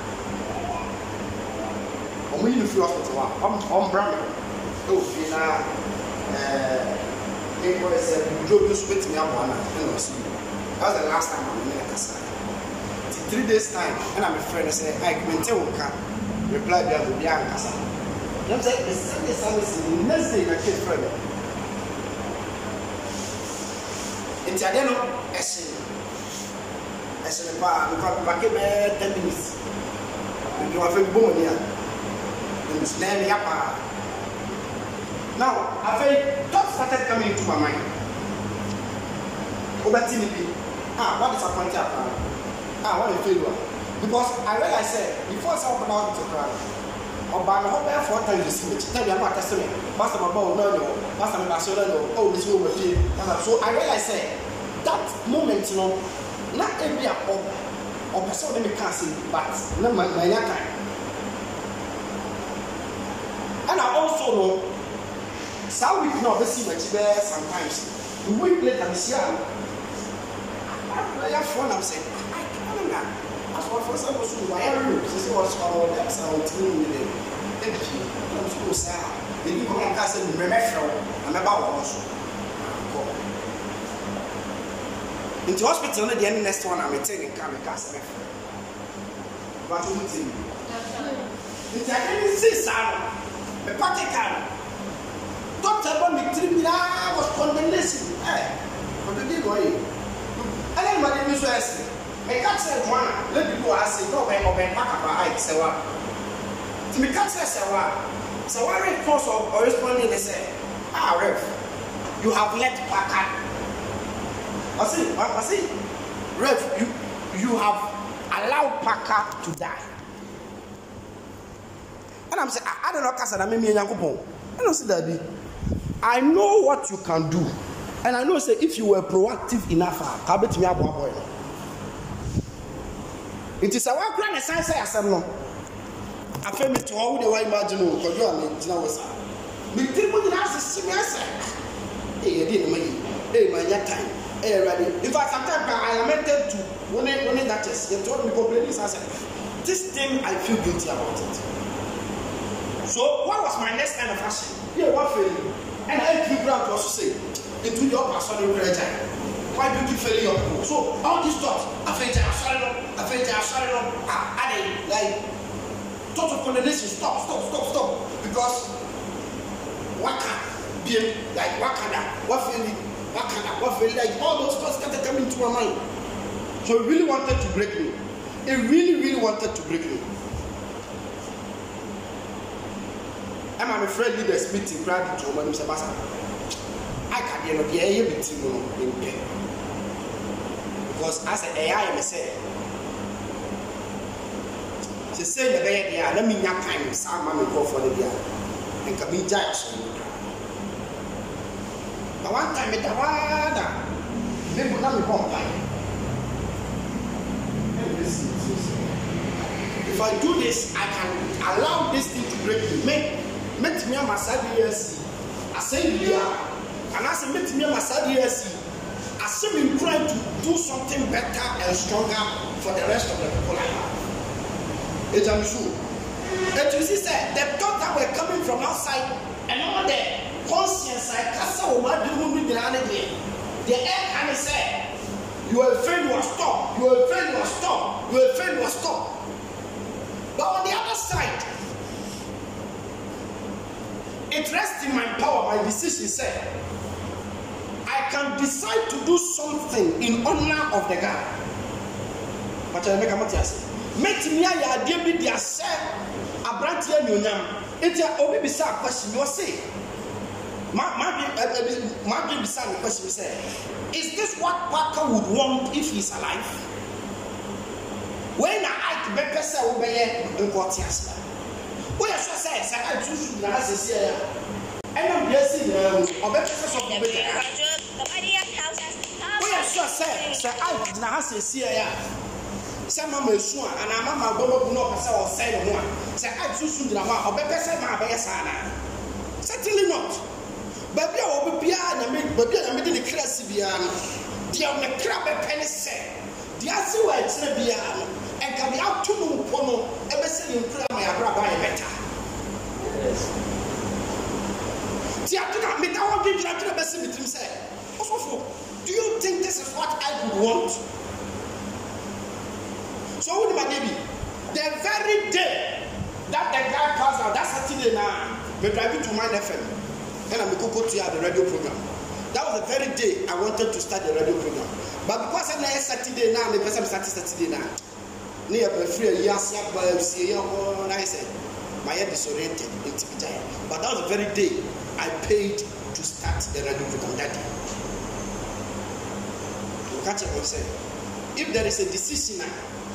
A: ɔmo yi ne firi hospital a ɔmo ɔmbra mi ɛwɔ fie na ɛɛ ne nkɔyɛ sɛ ndu obi nso betumi aboa na ɛna ɔsi yi that's the last time ɔmo ne ne kasa ti three days time ɛna mi frɛ no sɛ ayi kente wo nka reply bi a obi a nkasa ɛna mi sɛ ɛsɛ de service ni next day na kye frɛ mi nti adeɛ no ɛhyɛ ɛhyɛ ne paa nkɔ akpakye uh, bɛɛ ten minutes ndu afɛ bɔn ni a nsinaamia paa now afei thought started coming into my mind wobɛti ne bi ah, ah, a wadisappoint akora a wadɛ failure because i realize say before I wobɛda wodete the oh, no or by the whole ọta yìí sí méjì tẹbi àwọn àtẹsẹ mi bàtà mi bá ọ̀nà ọ̀nà bàtà mi bá aṣọ ọ̀nà ọ̀nà ọ̀nà ìṣòro wọ̀ fíye so i realize say that moment you know, not every ọbẹ sọ ọdẹ mi kàn sí but na my my nya so no saa week na ɔbɛsi m'akyi bɛɛ sometimes the week later mi si a ayafoɔ nam sɛ ayikana na afɔwɔfɔ sɛ ɔmo so wayɛ rero sisi wɔ so ɔwɔ dɛm sɛ ɔmo ti mu nyinɛ ebi ɔmo so wɔ saa ebi kɔn mu kaa sɛ mmɛmɛ fɛw na mɛba wɔ so kɔ nti hospital no deɛ ne next one na mɛ te ne nka mɛ kaa sɛ mɛ fɛ baako mo ti mu nti akɛyi si saa no mepate kan dɔkta bɔ mi tiri mi naa wɔ kɔndenesi ɛ kɔndeni lɔ ye ɛna ìgbà de mi sɔ ɛsɛ mɛ kakyɛ jɔn a lebi bi wɔ ase yɛ ɔbɛn ɔbɛn pa kaba ayi sɛwa ti mi kakyɛ sɛwa sɛwa rɛ kɔs ɔ ɔrespɔndi ne sɛ ah ref you have let paka ɔsi ɔsi ref you you have allowed paka to die And I'm saying adɛn na ɔkasa na mɛmie nyankopɔn ɛna ɔsi daabi i know what you can do and i know say if you were proactive enough a ah, ka bɛtumi aboaboa yi no nti sɛ wakura ne san sɛ asɛm no afei mi te hɔ wo de wa imagine o kɔdu a mi gyina wɔ sa mi tiri mu nyinaa sisi mi ɛsɛ ee yɛ di ɛnima yi ee ma nya time ee ready. If ah, I sometimes i am tempted to wone wone that is yɛ to mi complain in san sɛ this thing i feel guilty about it so what was my next kind of action. yíyẹ wá fèrè ẹnna ẹ kiri kura nǹkan ṣoṣe ètò ìdí ọkọ asọrin kura ẹja why do you fail your goal so all these thoughts afẹjẹ asọrin lọ afẹjẹ asọrin lọ ah adé like total condemnation stop stop stop stop because waka bie like wakada wafeli wakada wafeli like all those thoughts started coming into my mind so it really wanted to break me it really really wanted to break me. ɛma me frɛ leaders meeting kora de to ɔma nim sɛ basa aka deɛ no deɛ ɛyɛ me ti mu no mempɛ because asɛ ɛyɛ ayɛ me sɛ sesei na ɛbɛyɛ deɛ a na menya kan saa ma me nkurɔfoɔ no deɛ a nka mengyae asɔre no kra na one time meda hɔaa na memu na mebɔ mpaeɛ If I do this, I can allow this thing to break me mɛtumi ama saa deɛ asi asɛn bia anaasɛ mɛtumi ama saa deɛ asi asɛm nkura to do something better and stronger for the rest of the people I have ɛgya mi so etu si sɛ the thought that were coming from outside and all de conscience I kasa wɔn adiwo mu nyinaa ne deɛ deɛ ɛka ne sɛ you are a failure stop you are a failure stop you are a failure stop but on the other side. It rests in my power, my decision, sir. I can decide to do something in honor of the guy. But I make a matter. Mɛtumi ayɛ adeɛ bi de ahyɛ aberanteɛ nnuonyam nti obi bisa question wɔse madwe bisa ne question sɛ is this what Parker would want if he is alive? Wei na Ike bɛpɛ sɛ wobɛyɛ nkɔte asena woyɛ sɛ sɛ saka tutu na asese yɛ ɛna bia si nyinaa mu ɔbɛtɛ sɛ sɔfo bɛtɛ woyɛ sɛ sɛ sɛ out na asese yɛ a sɛ uh, mama esu a anaa mama agbɔbɔ bu na ɔpɛ sɛ ɔsɛn ne ho a sɛ out tutu gyina hɔ a ɔbɛpɛ sɛ maa bɛyɛ saa na certainly not baabi a wɔbɛ biara na me baabi a na me de ne kra si biara no deɛ ne kra bɛpɛ ne sɛ deɛ ase wɔ akyerɛ biara no ɛnkame ato mu nkɔ no ɛbɛsɛ ne nkura ma yɛabraba yɛ bɛta nti adwena meda hɔ dwedwina adwena bɛsɛ me tirim sɛ ɔsɔfo do you think this is what i would want so wo nima debi the very day that the guy pass out that saturday na me drive to mind fm ɛna me koko tua the radio program that was the very day i wanted to start the radio program but because ɛna yɛ saturday na me pɛ sɛ me start saturday na ne yɛ bɛfiri ayi ase aba asie yɛ hɔ na yɛ sɛ ma yɛ disoriented nti bi gyae but that was the very day I paid to start the radio program that day nka kyerɛ wɔn sɛ if there is a decision a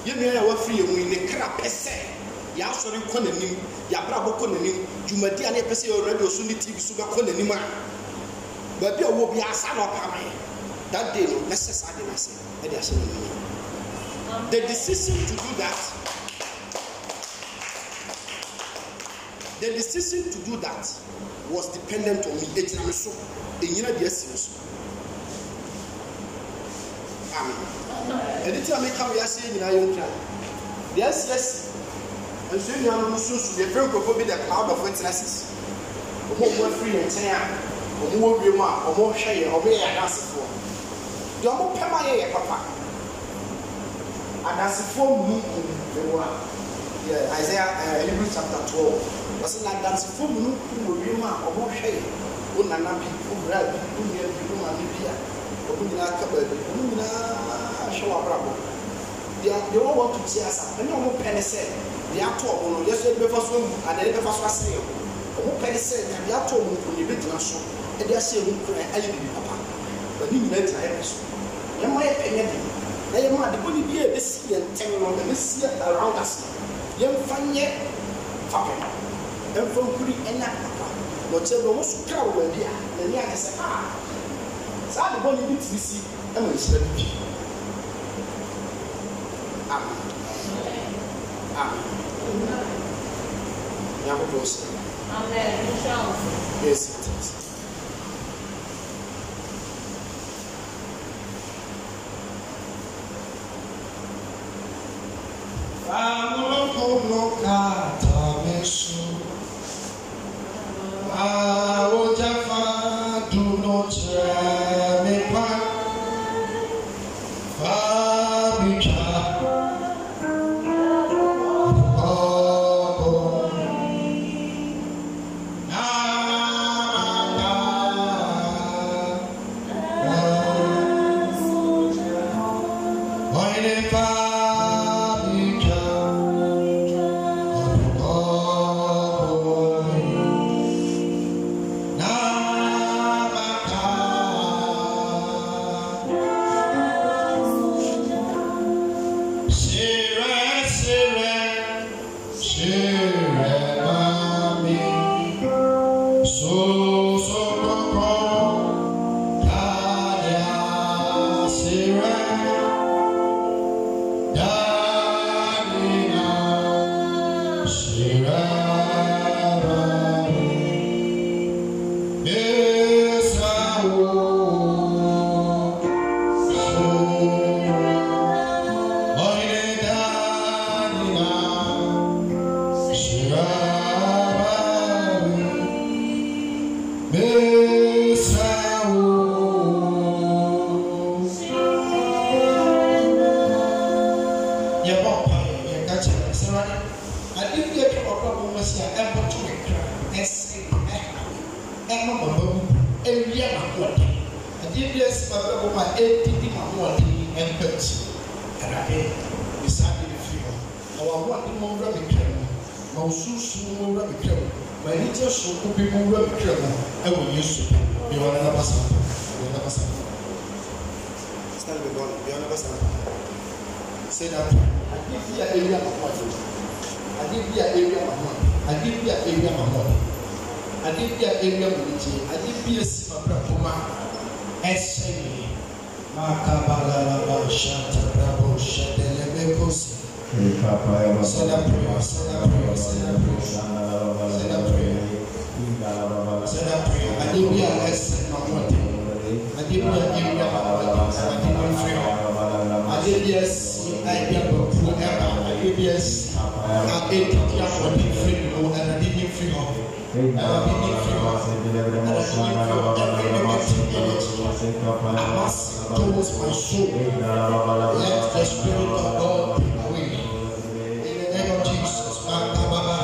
A: yɛn nua yɛ wafiri yɛn mu ne kra pɛ sɛ yɛasɔre kɔ n'anim yɛabrabɔ kɔ n'anim dwumadi a ne yɛpɛ sɛ yɛ radio so ne tv so bɛkɔ n'anim a baabi a wɔwɔ bi asa na ɔpam yɛ that day no mɛsɛ saa de na ase ɛde ahyɛ ne mu yɛ. The decision to do that, the decision to do that was dependent on me. Egyina mi so, enyina di esi mi so. Amen. And it's a mi ka mi ase nyinaa yóò kira. Di esi esi, nsu yi nua mu sunsun, yẹ fẹ nkurɔfoɔ bi cloud of witnesses. Ɔmo ɔmo afiri yɛn nkyɛn a, ɔmo wɔ wiem a, ɔmo hwɛ yɛ, ɔmo yɛ yɛn adansefoɔ. Deɛ ɔmo pɛm ayɛ yɛ papa adansefoɔ mununkum ɛwɔ a yɛ isaiah ɛɛ eh, hebrew chapter twelve wɔsi na adansefoɔ mununkum wɔ wiem a ɔmo hwɛ yɛ nana bi wo bra bi wo nua bi wo maame bi a ɔmo nyinaa ka baabi ɔmo nyinaa hwɛ wɔ abrabɔ deɛ deɛ wɔwɔ to ti asa ɛna ɔmo pɛ ne sɛ deɛ ato ɔmo no yɛsɛ ebi bɛfa so ewu adeɛ bɛfa so ase yɛ ɔmo pɛ ne sɛ deɛ ato ɔmo no ne bi gyina so ɛde ahyɛ ɛmu kura ayɛ bibi papa wɔn ne nyinaa gyina yɛ pɛ so yɛn mo ayɛ pɛ nyɛ deɛ na yɛn mu ade bɔ ne bi a ɛbɛsi yɛn ntɛn no ɛbɛsi around us yɛmfa nyɛ fapem ɛmfa nkuri ɛnya papa na ɔkyerɛ bi wɔn so kra wɔ ani a n'ani ayɛ sɛ aa saa ade bɔ ne bi tiri si ɛma nhyira bi bi amen amen nyakubɔ sɛ
C: amen yes it is.
A: no loca tamesu give you area mama jo i give you area mama i give you area mama i give you area mama i give you esi mabra poma ɛsɛ mi makabalaba shatababo shadelebekos. Send a prayer, send a prayer, send a prayer, send a prayer, send
C: a prayer. Send a prayer. I give you a lesson, my
A: brother. I give you a area, my brother. I give you a prayer adebiɛs ɛyɛbɔ po ɛba adebiɛs adebiɛ fɔ bi firi mu ɛna bi bi firi hɔ ɛna
C: bi bi firi hɔ ɛna bi bi firi hɔ ɛna bi bi firi hɔ
A: amas towards my soul let the spirit of God be away in the name of Jesus my baba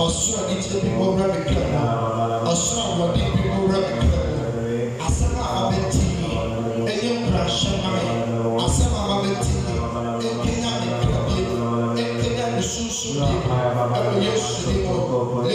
A: ɔsoro adi ti di bi mo rɛ mi kɛ mo ɔsoro awɔde bi mo rɛ mi kɛ. Ευχαριστώ πολύ.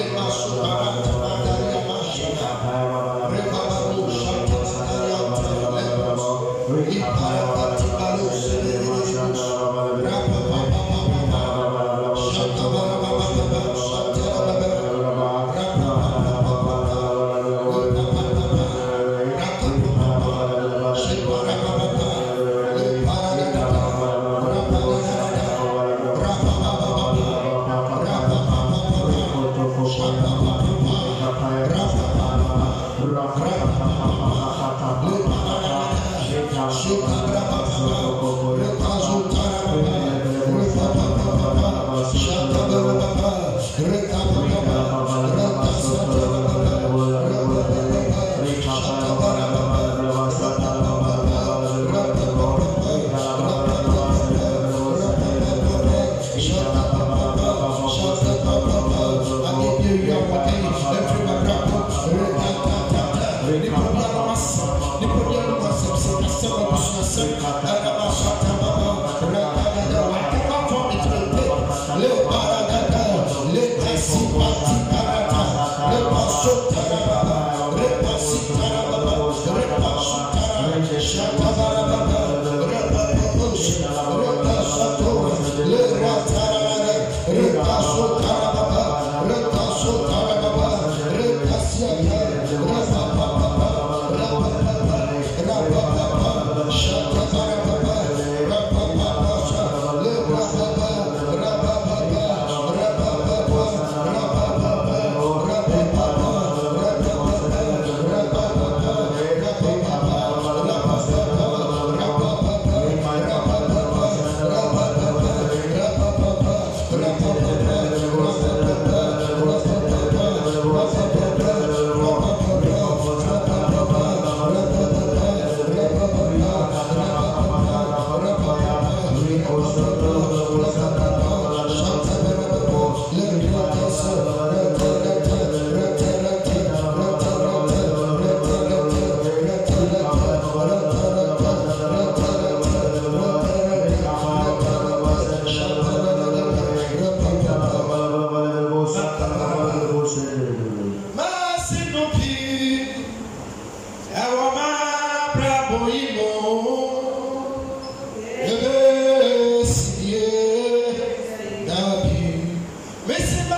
A: Listen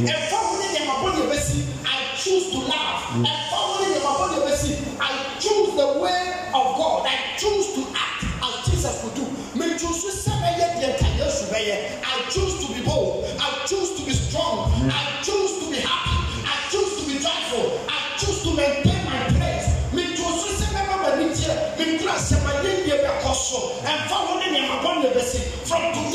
A: ɛfa wo ne nneɛma bɔ ne i choose to laugh ɛfa wo ne nneɛma bɔ ne i choose the way of god i choose to act as jesus would do me choose sɛ bɛyɛ deɛ nka yesu bɛyɛ i choose to be bold i choose to be strong i choose to be happy i choose to be joyful i choose to maintain my place. me choose sɛ bɛma ma ni tiɛ me kura sɛ ma ne nie bɛkɔ so ɛfa wo ne from tomorrow.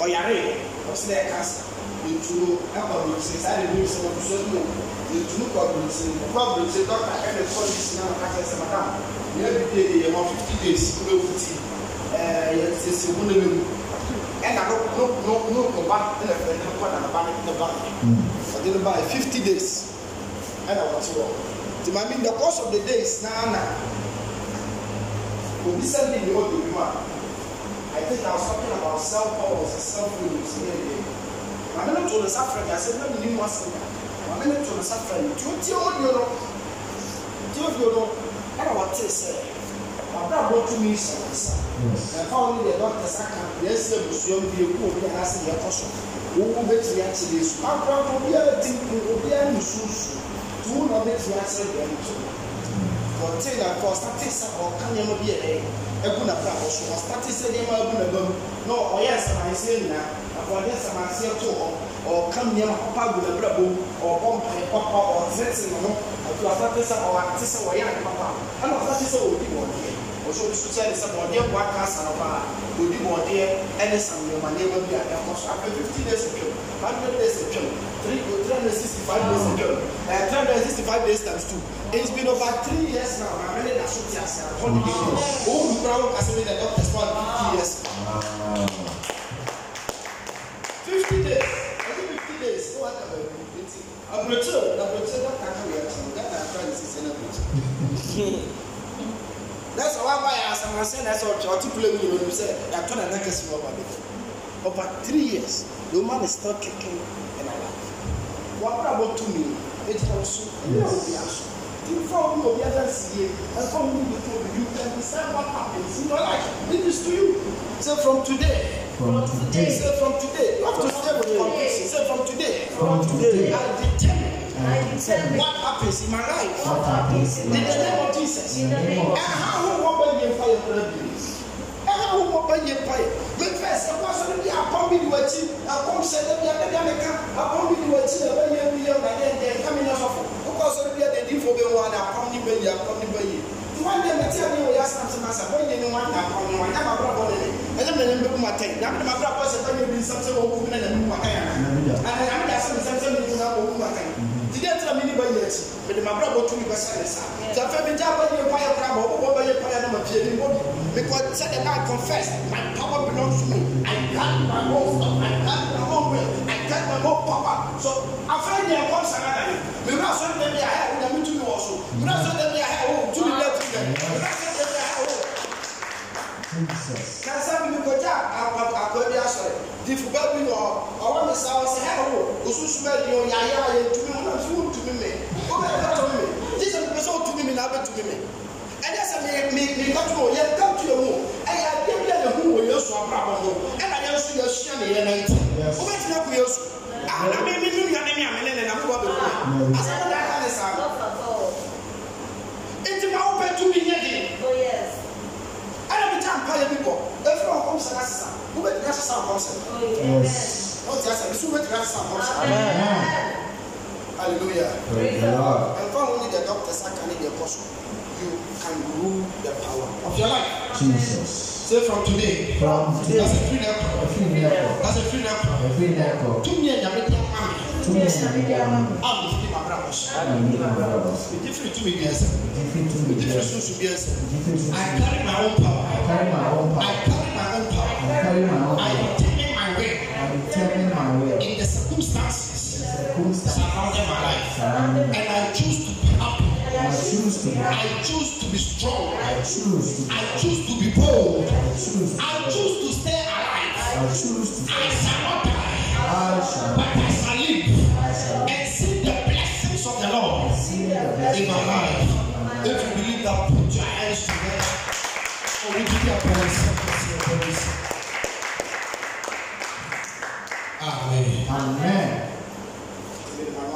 A: ɔyare ɔsɛ ɛkasa etuo ɛkɔ abirikyi saa de bi nsɛm ɔfisɛ bi mu etuo kɔ abirikyi mu kɔ abirikyi dɔkta ɛna kɔ abirikyi na ɔka kyerɛ sɛ madam yɛ bi de yɛ wɔ fifty days kuro efuti ɛɛ yɛ sisi mu na mu ɛna no no no no no ba ɛna fɛ ne kɔ na ne ba ne ba ɔde ne ba fifty days ɛna wɔte wɔ ti maame in the course of the days naana obi sɛ ne ne think I was talking about cell towers, cell phones, maybe. My man told us after I said, let me name one singer. My man told us after you. Do you tell me, you know? Do you know? I don't want to say. My brother brought to me some answer. I found the doctor Saka, yes, the museum, the poor, the house, the apostle. Who bet me actually is. My brother, we are thinking, we are in the shoes. Do not bet me actually wɔnte na kɔ ɔsate sɛ ɔka nneɛma bi yɛ ɛgu na pra ɔso ɔsate sɛ nneɛma agu na bam na ɔyɛ nsamanseɛ nyinaa akɔ ɔde nsamanseɛ to hɔ ɔka nneɛma papa agu na brabɔ mu ɔbɔ mpae papa ɔtete ne ho ɔto ɔsate sɛ ɔate sɛ ɔyɛ ade papa ɛna ɔsate sɛ ɔdi wɔdeɛ ɔso nso kyɛ ne sɛ wɔdeɛ boaka asa no paa ɔdi wɔdeɛ ɛne sam nneɛma nneɛma bi a ɛkɔ uh, oh, uh, oh, uh, oh, so afɛ fifty days twɛm 100 days in sixty-five days in June, sixty-five days times two. It's been over three years now. I'm ready to shoot you as a holiday. Oh, you brown as a doctor for 50 years. Fifty days. Every 50 days. Oh, what am I doing? I'm Brazil. That can't be actually. That I'm trying to see in a That's why I asked. I'm saying that's what you're to play with. You know, you say, I'm trying to make a small one over three years the woman is still kicking and alive wàhálà bó tún mi ètò ọ̀sùn ẹ̀yẹ òbí àṣọ tí n fọwọ́ mi òbí ẹ̀dá sí yẹ ẹ̀fọ́ mi ní ìfọ̀ mi you can decide what happens in your life it is to you say from today from today say from today Not have to stay with compassion say from today
C: from today I determine. what happens
A: in my life. What happens in my life? In the name of Jesus. In the name of Jesus. Ẹ̀ha ahọ́n wọ́n bẹ̀ yẹ fire prayer bills. Ẹ̀ha you wọ́n bẹ̀ yẹ fire akɔm bi di w'akyi akɔm hyɛ dɛbi adɛbi ameka akɔm bi di w'akyi na ɛbɛ yɛ wiyɛ na yɛ ndɛ nka mi n'asɔfo kɔkɔ sɔrɔ bi ɛdɛ difo bɛ wɔn na ni bɛ yi akɔm ni bɛ yi wọn dɛ mɛti a bɛ yɛ asam sɛm asa wɔn yɛ ni wɔn na akɔm ni wɔn nyama abrabɔ nene ɛnyɛ mɛ ne mbɛ kuma tɛ nyama abrabɔ sɛ fɛn mi bi nsɛm sɛ ni bɛ yɛ ti mede ma brabɔ tumi bɛsɛ ne sa sɛ fɛ megya bɛyɛ payɛ kora ma wobɔbɔ bɛyɛ payɛ no ma pie ni mo because sɛde na i confess my power belongs to me i got my own i got my own way i got my own power so afɛ deɛ kɔm sanga na ye mewura sɔre dɛ bi a hɛ wonyame tumi wɔ so mewura sɔre dɛ bi a hɛ wo tumi dɛ tumi dɛ mewura sɔre dɛ bi a hɛ wo kasa mi kɔgya akɔ akɔ bi asɔre difuba bi wɔ hɔ ɔwɔ mi sa ɔsɛ hɛ wo osusu oh, bɛ deɛ ɔyɛ ayɛ ayɛ ntumi mu nanso wo ntumi mi wo bɛ ɛbɛ tɔ mi gye sɛ mepɛ sɛ wotumi mi na abɛtumi mi ɛnyɛ sɛ me me me bɛto no yɛ ntam tuo mu ɛyɛ adeɛ bi a yɛ ho wɔ yɛsu abrabɔ ho ɛna yɛn nso yɛsua ne yɛn nan ti wo bɛ tena ko yɛsu ah na me me nu nua ne me ame ne ne na mebɔ abɛku mi ka ne saa nti ma wo bɛ tumi nyɛ de ɛna bi ta mpa yɛ bi bɔ efura ɔkɔm sɛ na sisan wo bɛ tena sisan ɔkɔm sɛ. going to have someone. Amen. Hallelujah. Praise the Lord. And from only the doctors are can the apostle, you can rule the power of your life. Jesus. Say from today. From today. That's a free miracle. A free miracle. That's a free miracle. A free miracle. Two million Namibian army. Two million Namibian army. I'm the free Mabramos. I'm the free Mabramos. The difference two million. The difference two million. The difference two million. I carry my
B: own power. I carry my own
A: power. I carry my own power. I carry my own power. that are surrounding my life. and I choose to be happy. I choose to be, I choose to be strong. I choose to, I choose to be bold. I choose to, I choose to stay alive. I choose to. I shall not die. I shall. But I shall live. I shall. And see the blessings of the Lord in my life. If you believe that, put your hands together. So we give you praise. Amen. Amen.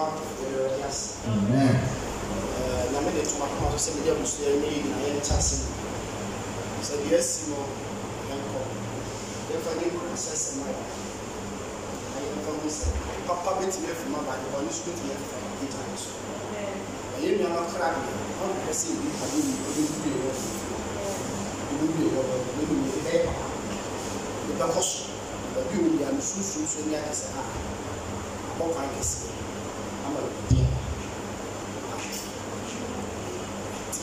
A: out of worldliness. na mede toma koma so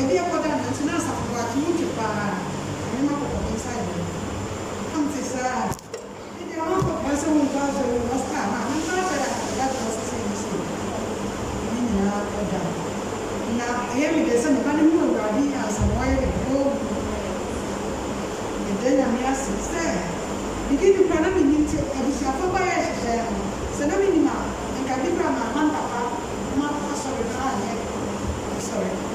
B: ebi ɛkɔda no nti na asafo ate wotwe paa ɛnema kɔkɔkɔ nsa yɛ amte saa ɛdeɛ woakɔkɔ sɛ womfa sɛ wowɔ saa na menka sɛ da yɛatoa sɛ sɛ mu sɛ ne nyinaa ɔda na ɛyɛ me dɛ sɛ mepa no mu awurade asamoa yɛ dɛdɔ ɛdɛ nyame ase sɛ mede nipra na menim nti abusuafo ba yɛ hyehyɛ no sɛ na menim a nkade bra maama mpapa ma asɔre kaa yɛ asɔre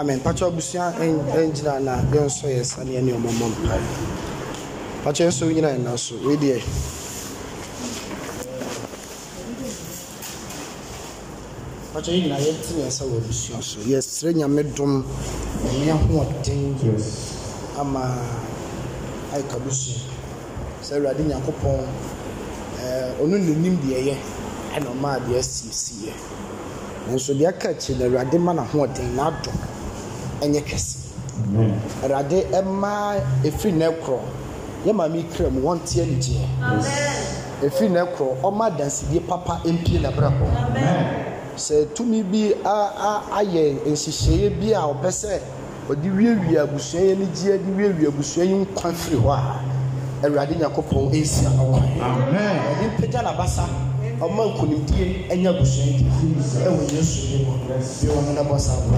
A: amen patro abusua ɛngyina na yɛnso yɛ saneɛ ne ɔmɔmmɔ mpae patro nso wo nyina ɛna so wei deɛ patro yi nyina yɛntene ɛsɛ wɔ abusua so yɛsrɛ nyame dom ɛne ahoɔden ama ayɛka busua sɛ awurade nyankopɔn eh, ɔno ne nim deɛ ɛyɛ ɛna ɔmaa deɛ asiesieɛ nanso deɛ aka akyi no awurade ma na n'adɔ ɛnyɛ kɛse awurade mmaa efiri ne korɔ yɛ maame kura mu wɔn te anigyeɛ efiri ne korɔ ɔma dansidie papa mpie na brɛ hɔ sɛ tumi bi a a ayɛ nhyehyɛeɛ bi a ɔpɛ sɛ ɔde wiewie abusua yɛ anigyeɛ de wiewie abusua yi nkwa firi hɔ a awurade nyakopɔn nsi ano kwan ɔde mpagya n'abasa ɔma nkonimdie anya abusua yi ɛwɔ yesu yi mu bi wɔn nanabɔ saa abɔ.